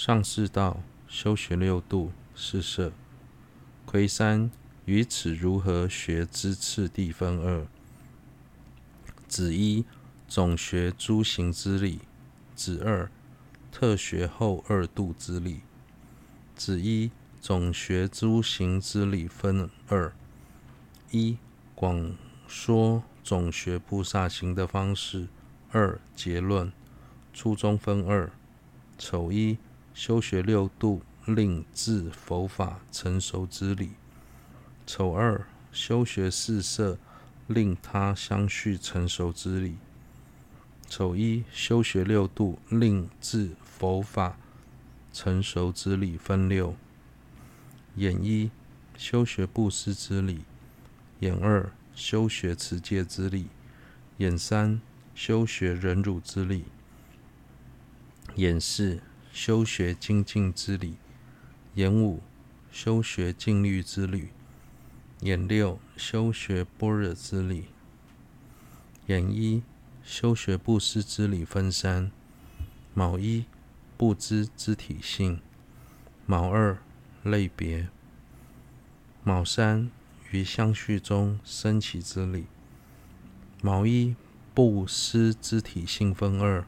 上士道修學六度四攝，癸三，於此如何學之次第分二：子一，總學諸行之理；子二，特學後二度之理。子一，總學諸行之理分二：一、廣說總學菩薩行的方式；二結論，初中分二，丑一。修學六度，令自佛法成熟之理；丑二，修學四攝，令他相續成熟之理；丑一，修學六度，令自佛法成熟之理分六：寅一，修學布施之理；寅二，修學持戒之理；寅三，修學忍辱之理；寅四。修學精進之理，寅五；修學靜慮之理，寅六；修學般若之理，寅一；修學布施之理分三：卯一，布施之體性；卯二，類別；卯三，於相續中生起之理。卯一，布施之體性分二：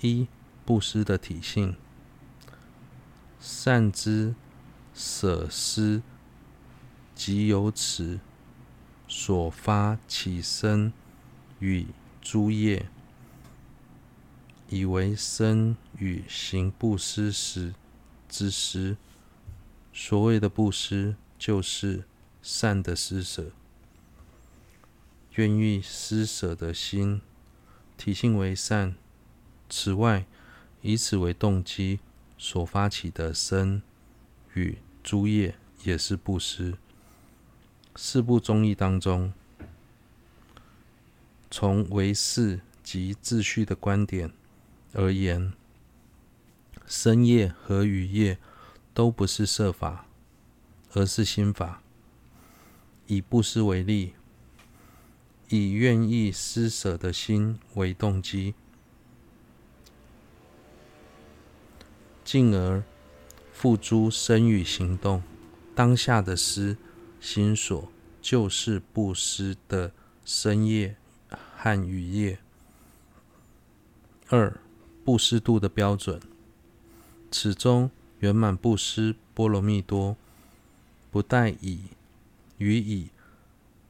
一。布施的體性，善之捨思，及由此所發起身、語諸業，此為身、語行布施時之思。所謂的布施，就是善的施捨，願意施捨的心，體性為善。此外，以此為動機所發起的身、語諸業也是布施。四部宗義當中，從唯識及自續的觀點而言，身業和語業都不是色法，而是心法。以布施為例，以願意施舍的心為動機。進而付諸身語，行動，當下的思心所，就是布施的身業和語業。二、布施度的標準。此中圓滿布施波羅蜜多，不待以予以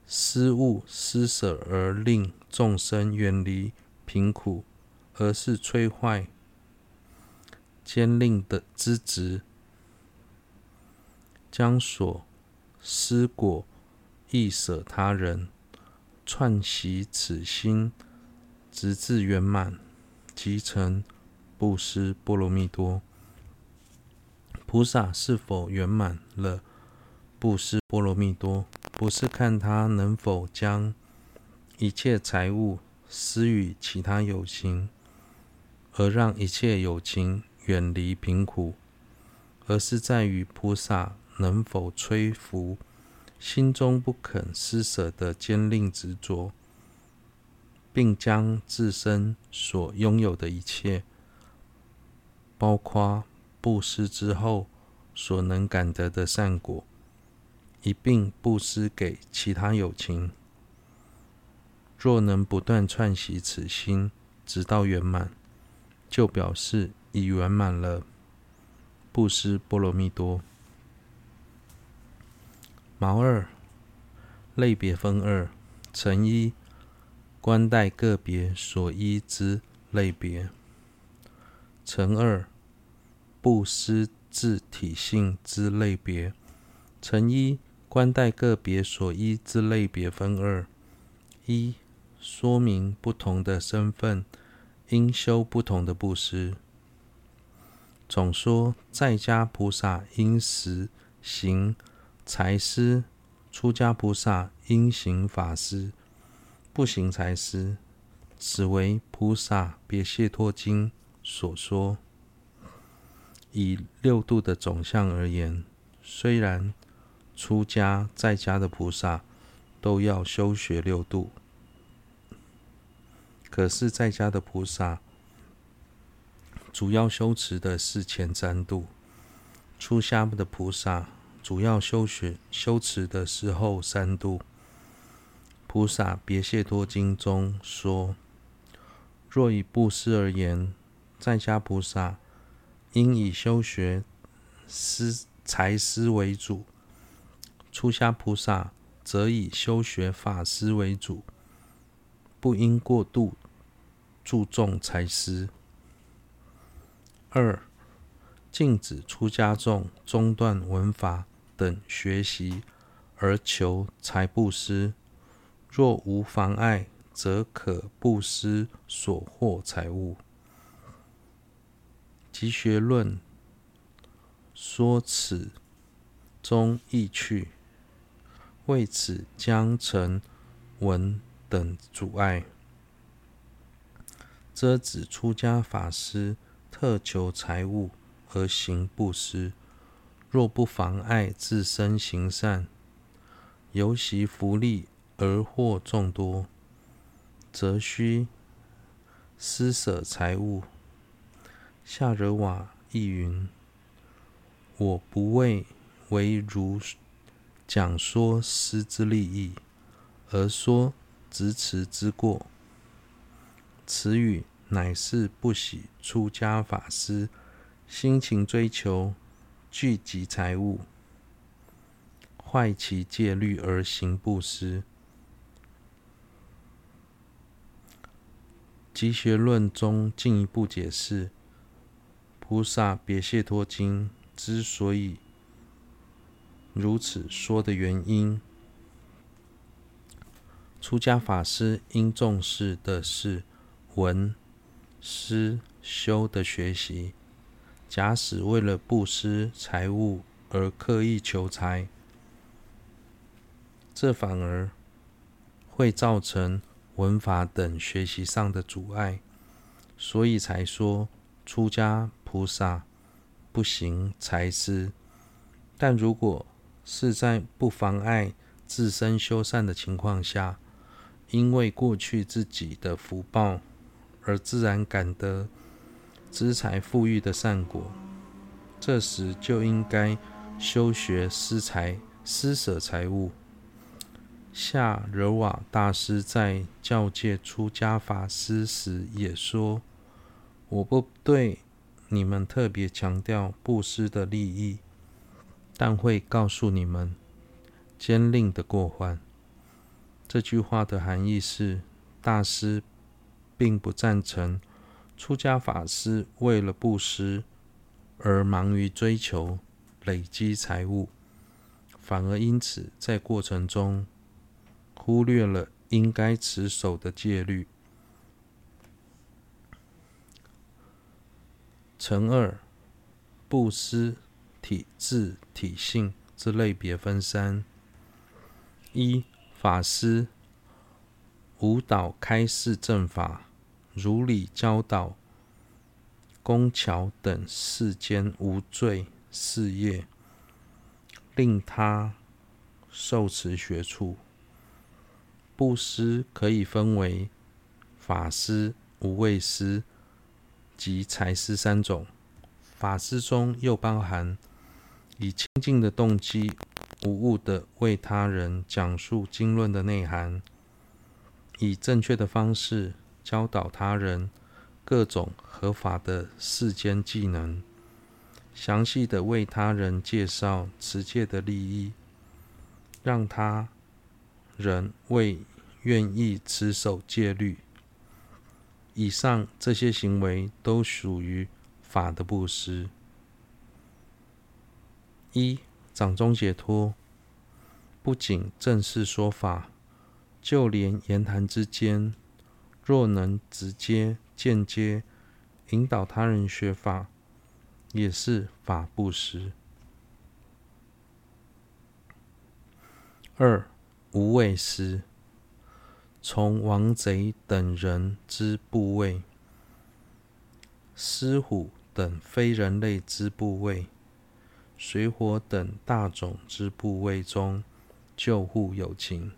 施物施捨而令眾生遠離貧苦，而是摧壞，慳吝之執，將所施果亦捨他人，串習此心，直至圓滿，即成布施波羅蜜多。菩薩是否圓滿了布施波羅蜜多？不是看他能否將一切財物施予其他有情，而讓一切有情。遠離貧苦，而是在於菩薩能否摧伏心中不肯施捨的慳吝執著，併將自身所擁有的一切，包括布施之後所能感得的善果，一併布施給其他有情。若能不斷串習此心，直到圓滿，就表示。已圓滿了布施波羅蜜多。卯二、類別分二，辰一、觀待各別所依之類別；辰二、布施自體性之類別；辰一、觀待各別所依之類別分二一，說明不同的身分應修不同的布施。總說，在家菩薩應實行財施，出家菩薩應行法施，不行財施。此為菩薩別解脫經所說。以六度的總相而言，雖然出家在家的菩薩都要修學六度，可是在家的菩薩，主要修持的是前三度，出家的菩薩主要修學修持的是後三度。菩薩別解脫經中說：“若以布施而言，在家菩薩應以修學施財施為主，出家菩薩則以修學法施為主，不應過度注重財施。二、禁止出家眾中斷聞法等學習，而求財布施。若無妨礙，則可布施所獲財物。集學論說此中意趣，謂此將成聞等阻礙，遮止出家法師。特求財物而行布施，若不妨礙自身行善，由昔福力而獲眾多，則須施舍財物。夏惹瓦亦云：“我不為為汝講說捨之利益，而說執持之過。”此語。乃是不喜出家法師辛勤追求、聚集財物、壞其戒律而行布施。集學論中進一步解釋《菩薩別解脫經》之所以如此說的原因。出家法師應重視的是聞。思修的學習，假使為了布施財物而刻意求財，這反而會造成聞法等學習上的阻礙，所以才說出家菩薩不行財施。但如果是在不妨礙自身修善的情況下，因為過去自己的福報。而自然感得資財富裕的善果，這時就應該修學施財、施捨財物。夏惹瓦大師在教誡出家法師時也說：“我不對你們特別強調布施的利益，但會告訴你們慳吝的過患。”這句話的含義是，大師。並不贊成出家法師為了布施而忙於追求累積財物，反而因此在過程中忽略了應該持守的戒律。辰二，布施體質體性之類別分三：一、法施，無倒開示正法。如理教導、工巧等世間無罪事業，令他受持學處。布施可以分為法施、無畏施及財施三種。法施中又包含以清淨的動機、無誤的為他人講述經論的內涵，以正確的方式。教導他人各種合法的世間技能，詳細的為他人介紹持戒的利益，讓他人為願意持守戒律。以上這些行為都屬於法的布施。一掌中解脫，不僅正式說法，就連言談之間，若能直接、間接引導他人學法，也是法布施。二、無畏施，從王賊等人之怖畏，獅虎等非人類之怖畏，水火等大種之怖畏中救護有情。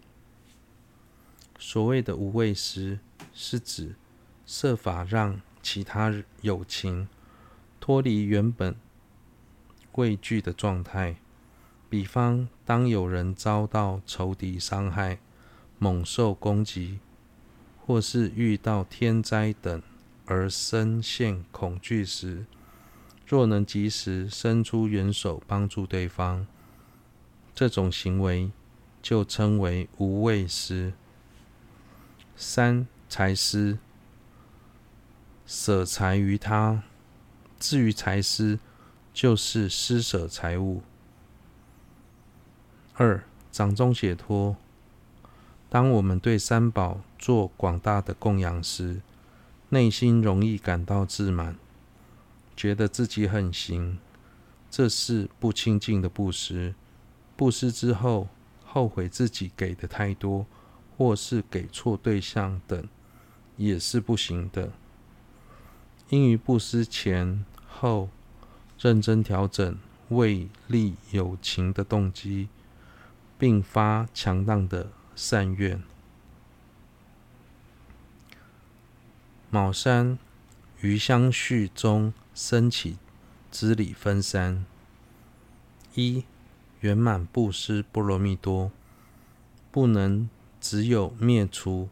所謂的無畏施。是指設法讓其他有情脫離原本畏懼的狀態。比方，當有人遭到仇敵傷害、猛獸攻擊，或是遇到天災等而身陷恐懼時，若能及時伸出援手幫助對方，這種行為就稱為無畏施。三、財施，捨財於他；至於財施，就是施舍財物。二，掌中解脫。當我們對三寶做廣大的供養時，內心容易感到自滿，覺得自己很行，這是不清淨的布施。布施之後，後悔自己給的太多。或是給錯對象等，也是不行的。應於布施前後認真調整為利有情的動機，並發強大的善願。卯三、於相續中生起之理分三：一、圓滿布施波羅蜜多，不能。只有滅除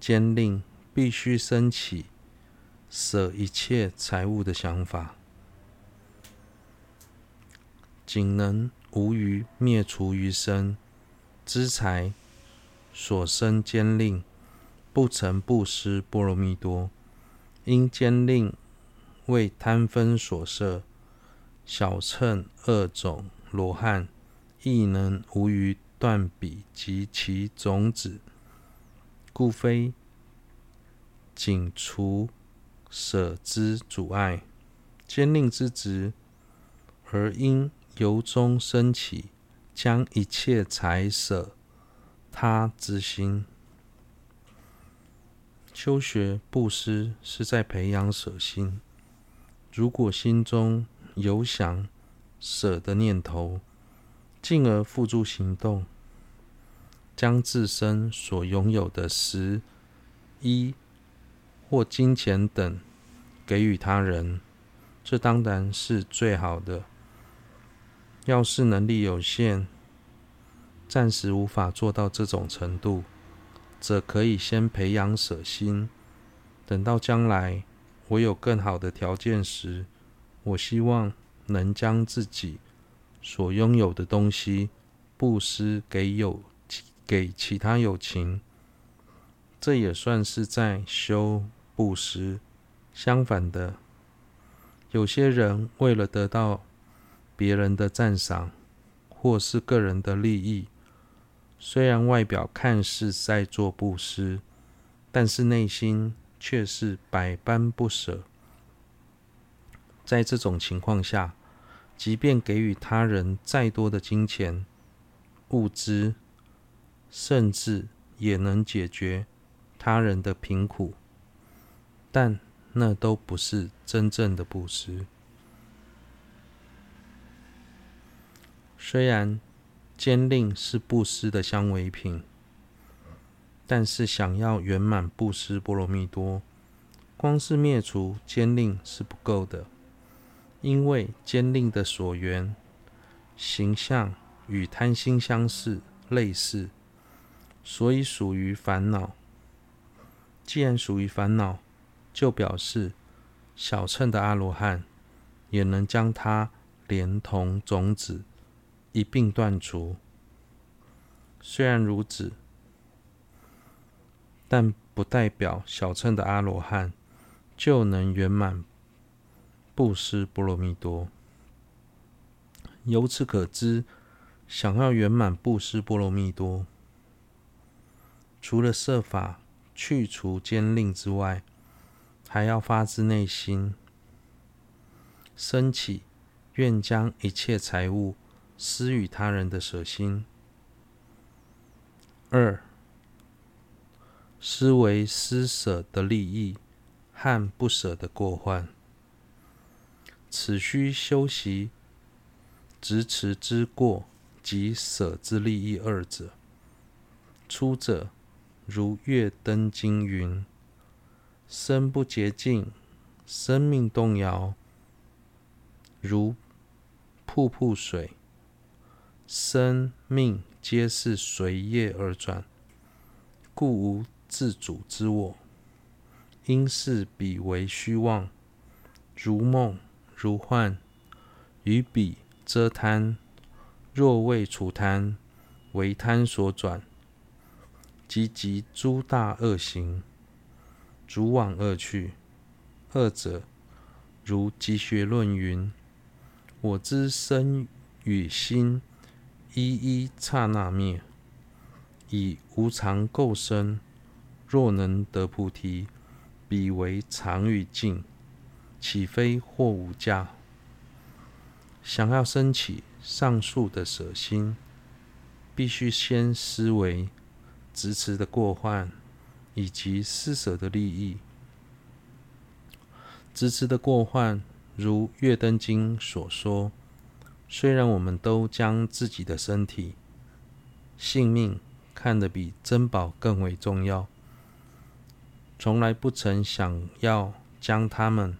慳吝，必須生起捨一切財物的想法，僅能無餘滅除於身資財所生慳吝，不成布施波羅蜜多。因慳吝為貪分所攝，小乘二種羅漢亦能無餘。斷彼及其種子，故非僅除舍之阻礙、慳吝之執，而應由衷升起將一切財舍他之心。修學布施是在培養舍心，如果心中有想舍的念頭。進而付諸行動，將自身所擁有的食、衣或金錢等給予他人，這當然是最好的。要是能力有限，暫時無法做到這種程度，則可以先培養捨心。等到將來我有更好的條件時，我希望能將自己所擁有的東西，布施給有其給其他有情，這也算是在修布施。相反的，有些人為了得到別人的讚賞或是個人的利益，雖然外表看似在做布施，但是內心卻是百般不捨。在這種情況下，即便給予他人再多的金錢、物資，甚至也能解決他人的貧苦，但那都不是真正的布施。雖然慳吝是布施的相違品，但是想要圓滿布施波羅蜜多，光是滅除慳吝是不夠的。因為慳吝的所緣行相與貪心相似、類似，所以屬於煩惱。既然屬於煩惱，就表示小乘的阿羅漢也能將它連同種子一併斷除。雖然如此，但不代表小乘的阿羅漢就能圓滿布施波羅蜜多。由此可知，想要圓滿布施波羅蜜多，除了設法去除慳吝之外，還要發自內心，生起願將一切財物施與他人的捨心。二、思維施捨的利益和不捨的過患。此須修習執持之過及捨之利益二者。初者如月燈經云身不潔淨，生命動搖，如瀑布水，生命皆是隨業而轉，故無自主之我，應視彼為虛妄，如夢。如幻，與彼遮貪，若未除貪，為貪所轉，即集諸大惡行，逐往惡趣。二者，如集學論云：我之身與心，一一剎那滅，以無常垢身。若能得菩提，彼為常與淨。起飛或無價。想要升起上述的舍心，必須先思維執持的過患以及施舍的利益。執持的過患，如《月燈經》所說，雖然我們都將自己的身體、性命看得比珍寶更為重要，從來不曾想要將他們。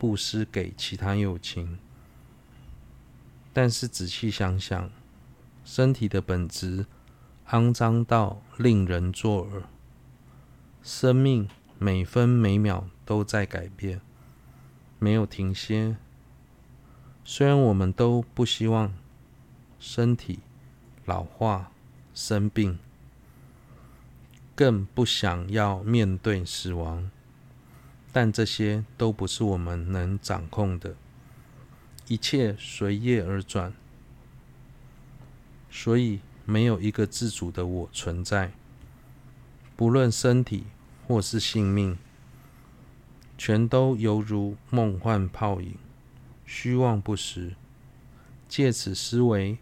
布施給其他有情，但是仔細想想，身體的本質骯髒到令人作嘔，生命每分每秒都在改變，沒有停歇。雖然我們都不希望身體老化生病，更不想要面對死亡。但這些都不是我們能掌控的，一切隨業而轉，所以沒有一個自主的我存在。不論身體或是性命，全都猶如夢幻泡影，虛妄不實。借此思維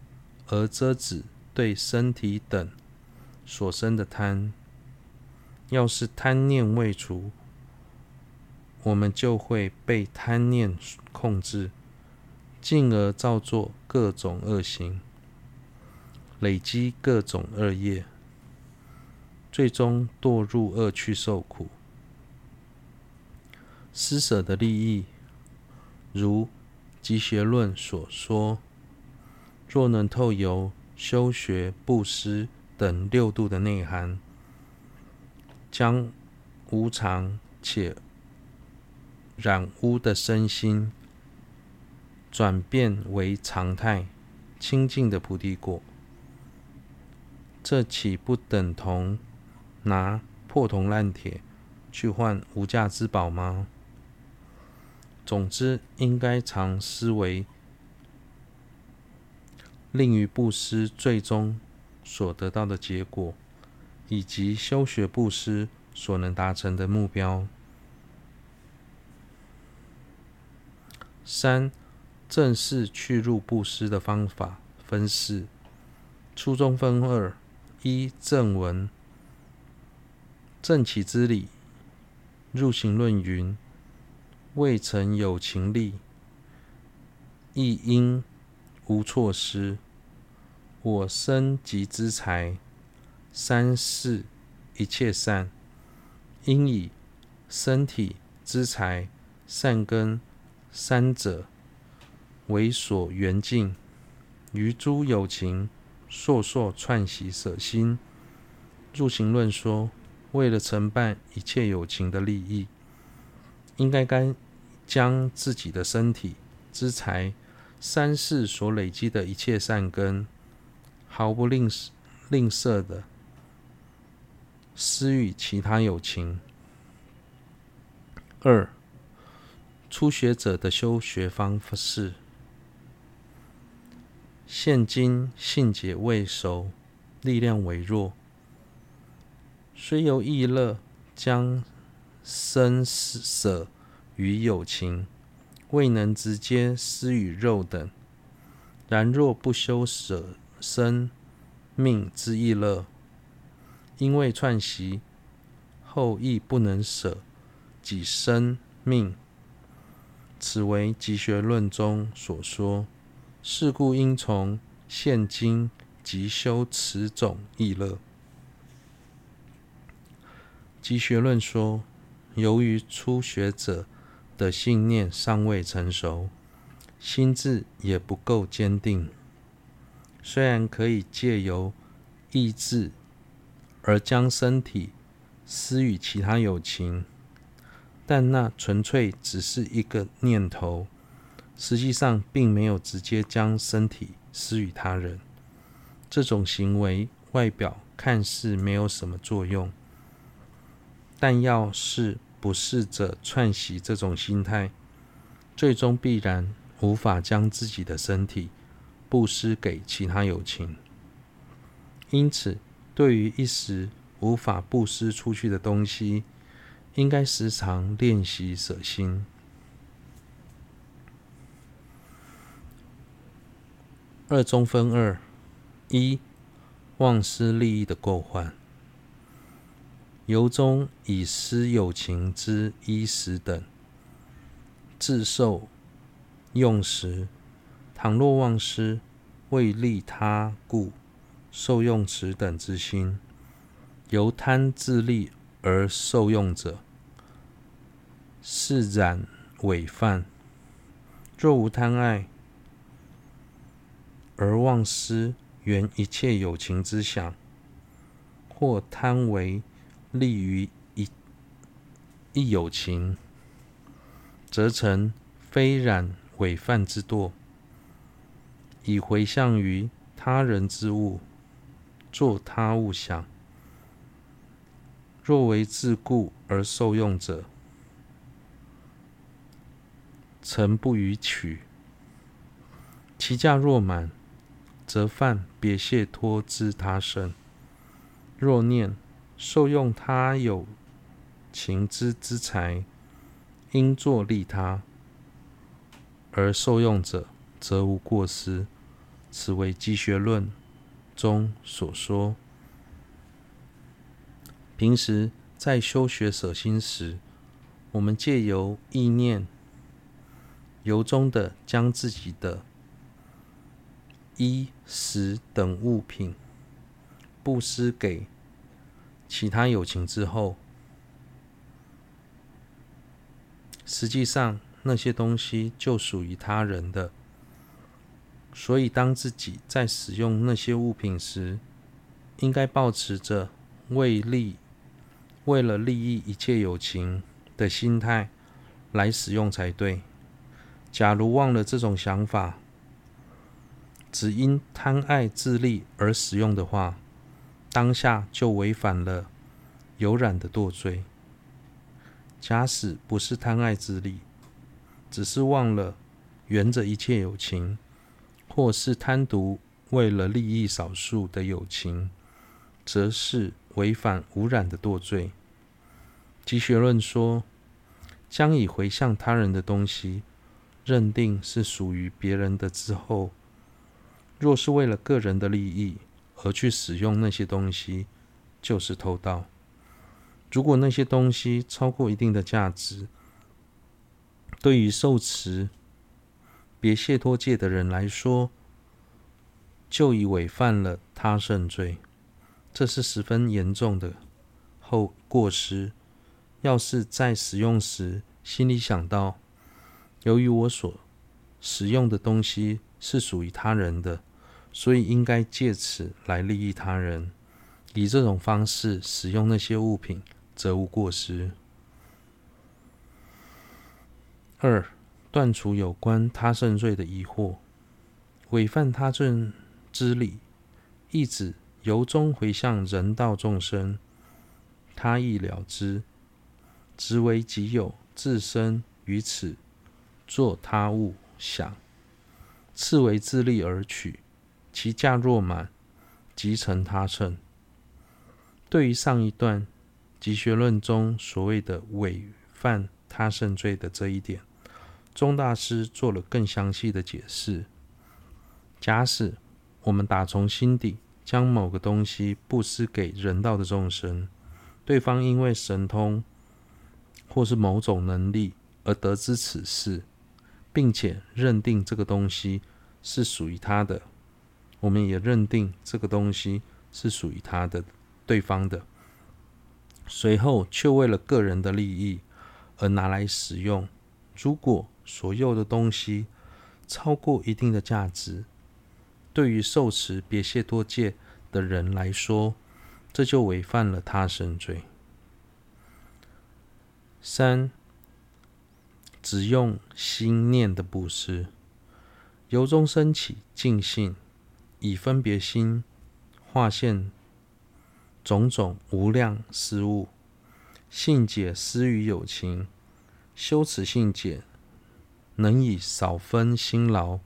而遮止對身體等所生的貪，要是貪念未除。我們就會被貪念控制，進而造作各種惡行，累積各種惡業，最終墮入惡趣受苦。施舍的利益，如《集學論》所說，若能透由修學布施等六度的內涵，將無常且。染污的身心轉變為常態清淨的菩提果，這豈不等同拿破銅爛鐵去換無價之寶嗎？總之，應該常思維令於布施最終所得到的結果，以及修學布施所能達成的目標。三正式去入布施的方法分四：初中分二一正文正起之理，入行論云：未曾有情力，亦應無措施，我生即資財，三世一切善，應以身體資財善根。三者為所緣境，於諸有情，數數串習捨心。入行論說，為了承辦一切有情的利益，應該該將自己的身體、資財、三世所累積的一切善根，毫不吝嗇吝嗇的施予其他有情。二。初學者的修學方法是：現今信解未熟，力量微弱，雖有意樂，將身舍與有情，未能直接施與肉等。然若不修舍生命之意樂，因為串習，後亦不能舍己生命。此為集學論中所說，是故應從現今即修此種意樂。集學論說，由於初學者的信念尚未成熟，心智也不夠堅定，雖然可以借由意志而將身體施予其他有情，但那純粹只是一個念頭，實際上並沒有直接將身體施與他人。這種行為外表看似沒有什麼作用，但要是不試着串習這種心態，最終必然無法將自己的身體布施給其他有情。因此，對於一時無法布施出去的東西，應該時常練習舍心。二中分二一，忘失利益的過患，由中已施有情之衣食等自受用時，倘若忘失為利他故受用此等之心，由貪自利而受用者。是染違犯。若無貪愛而忘失原一切有情之想，或貪為利於一一有情，則成非染違犯之惰，以回向於他人之物，作他物想。若為自故而受用者，成不與取，其價若滿，則犯別解脫之他勝。若念受用他有情之之財，應作利他，而受用者則無過失，此為集學論中所說。平時在修學捨心時，我們藉由意念，由衷的將自己的衣食等物品布施給其他有情之後，實際上那些東西就屬於他人的。所以，當自己在使用那些物品時，應該保持着為利、為了利益一切有情的心態來使用才對。假如忘了這種想法，只因貪愛自利而使用的話，當下就違反了有染的墮罪。假使不是貪愛自利，只是忘了緣著一切有情，或是貪圖為了利益少數的有情，則是違反無染的墮罪。集學論說，將以回向他人的東西。認定是屬於別人的之後，若是為了個人的利益而去使用那些東西，就是偷盜。如果那些東西超過一定的價值，對於受持別解脫戒的人來說，就已違犯了他勝罪，這是十分嚴重的後過失。要是在使用時心裡想到，由於我所使用的東西是屬於他人的，所以應該借此來利益他人。以這種方式使用那些物品，則無過失。二、斷除有關他勝罪的疑惑，違犯他勝之理，一子由衷回向人道眾生，他亦了之，執為己有，置身於此。作他物想，次為自利而取，其價若滿，即成他勝。對於上一段，集學論中所謂的違犯他勝罪的這一點，宗大師做了更詳細的解釋。假使我們打從心底將某個東西布施給人道的眾生，對方因為神通或是某種能力而得知此事。並且認定這個東西是屬於他的，我們也認定這個東西是屬於他的對方的。隨後卻為了個人的利益而拿來使用。如果所有的東西超過一定的價值，對於受持別謝多戒的人來說，這就違犯了他勝罪。三。只用心念的布施，由衷生起盡興，盡性以分別心化現種種無量施物，信解施於有情，修此信解，能以少分辛勞，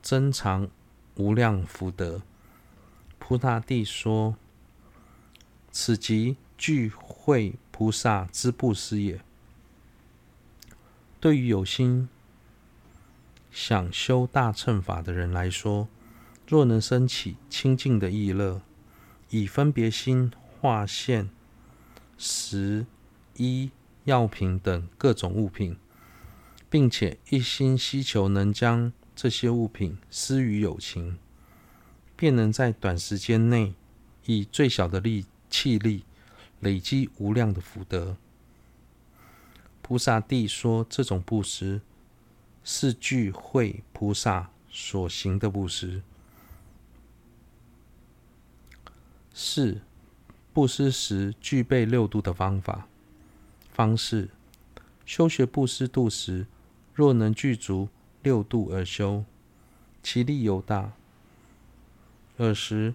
增長無量福德。菩薩地說：“此即具慧菩薩之布施也。”對於有心想修大乘法的人來說，若能生起清淨的意樂，以分別心化現食、衣、藥品等各種物品，並且一心希求能將這些物品施於有情，便能在短時間內以最小的力氣力累積無量的福德。菩薩地說：這種布施是具慧菩薩所行的布施。四布施時具備六度的方法、方式。修學布施度時，若能具足六度而修，其力尤大。爾時，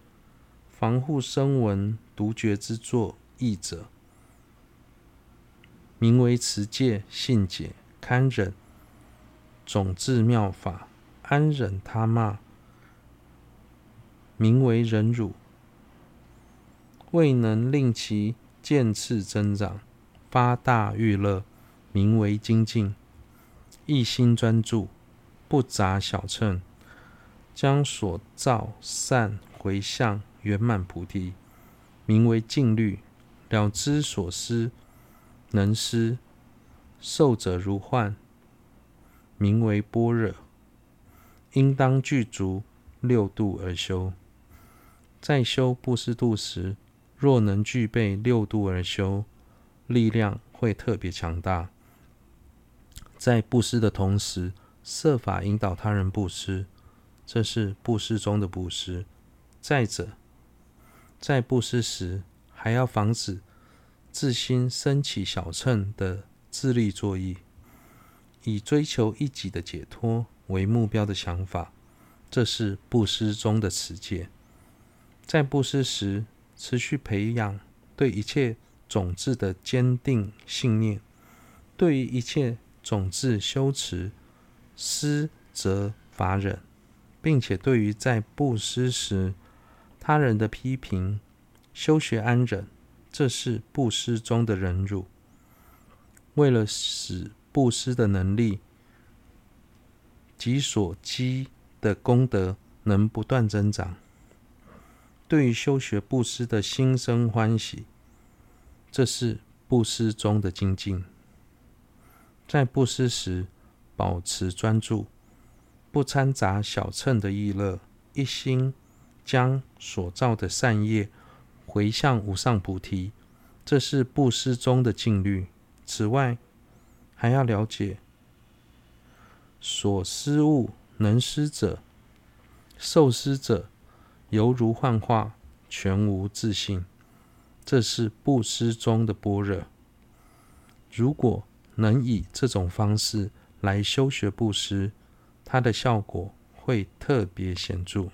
防護聲聞獨覺之作意者，名為持戒、信解、堪忍、種智妙法、安忍他罵，名為忍辱；未能令其漸次增長、發大欲樂，名為精進；一心專注，不雜小乘，將所造善回向圓滿菩提，名為靜慮；了知所思。能施受者如幻，名為般若。應當具足六度而修。在修布施度時，若能具備六度而修，力量會特別強大。在布施的同時，設法引導他人布施，這是布施中的布施。再者，在布施時還要防止。自心升起小乘的自利作意，以追求一己的解脫為目標的想法，這是布施中的持戒。在布施時，持續培養對一切種子的堅定信念；對於一切種子修持，施則法忍，並且對於在布施時他人的批評，修學安忍。這是布施中的忍辱。為了使布施的能力及所積的功德能不斷增長，對於修學布施的心生歡喜，這是布施中的精進。在布施時保持專注，不摻雜小乘的意樂，一心將所造的善業迴向無上菩提，這是布施中的靜慮。此外，還要了解所施物、能施者、受施者，猶如幻化，全無自性。這是布施中的般若。如果能以這種方式來修學布施，它的效果會特別顯著。